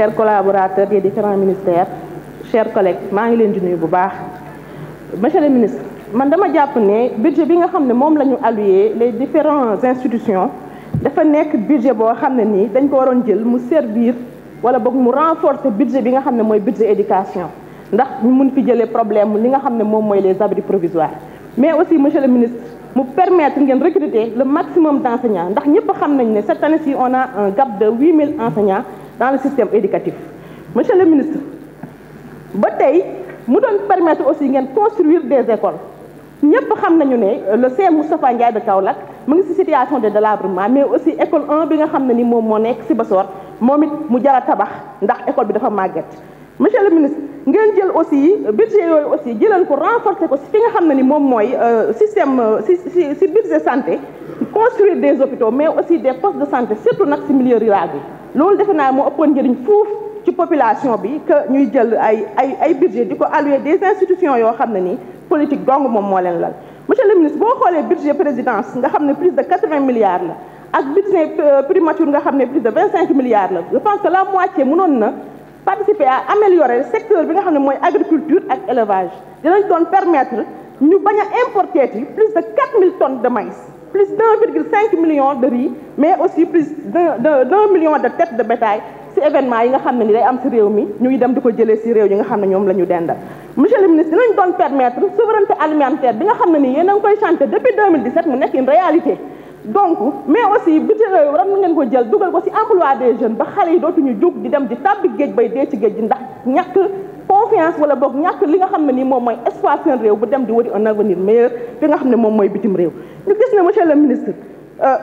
chers collaborateurs des différents ministères chers collègues M. monsieur le ministre man dama jàpp le budget bi nga avons les différentes institutions dafa nekk budget boo xam servir renforcer budget bi nga budget éducation Nous ñu mun fi jëlee problème li nga les abris provisoires mais aussi monsieur le ministre nous permettre de recruter le maximum d'enseignants. ndax cette année ci on a un gap de 8000 enseignants dans le système éducatif monsieur le ministre ba nous aussi de construire des écoles Nous avons euh, le CM Moustapha Ndiaye de Kaolack de mais aussi école 1 monsieur le ministre vous jël aussi budget aussi renforcer euh, système euh, de santé construire des hôpitaux mais aussi des postes de santé surtout pour ci milieu loolu defe est de ëppoon une fuuf ci population bi que ñuy jël ay ay ay budget diko allouer des institutions yo xam ne politique dong mom mo len lal monsieur le ministre bo xolé budget présidence nga xamné plus de 80 milliards la ak budget euh, primature nga xamné plus de 25 milliards la je pense que la moitié nous na participer à améliorer le secteur de l'agriculture et de l'élevage. agriculture ak élevage dinañ permettre ñu baña importer plus de 4000 tonnes de maïs plus d' millions de riz mais aussi plus de d' 1 million de têtes de bétail si événement yi nga xam ne ni day am si réew mi ñu ngi dem di ko jëlee si réew yi nga xam ne ñoom la monsieur le ministre dinañ doon permettre souveraineté alimentaire bi nga xam ne nii yéen koy chanté depuis 2017 mu nekk une réalité. donc mais aussi budget yooyu war na ngeen ko jël dugal ko ci emploi des jeunes ba xale yi dootuñu jóg di dem di tàbbi géej bay dee ci géej ndax ñàkk confiance wala bok ñak li nga xamné ni nii moy espace espoir seen réew bu dem di wari un avenir meilleur bi nga xamné mom moy bitim réew ñu gis ne monsieur le ministre euh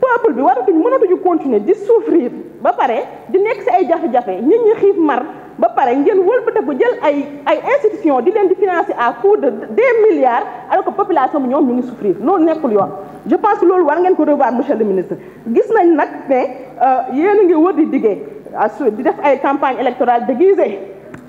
peuple bi waratuñ mënatuñu continuer di souffrir ba paré di nekk ci ay jafé jafé ñitt ñi xif mar ba pare ngeen wëlbatiku jël ay ay institution di len di financer à coût de deux milliards alors que population bi ñoom ñu ngi souffrir lool nekkul yoon je pense lool war ngeen ko revoir monsieur le ministre gis nañ nak nag euh yéen a ngi wër di diggee di def ay campagne électorale déguisée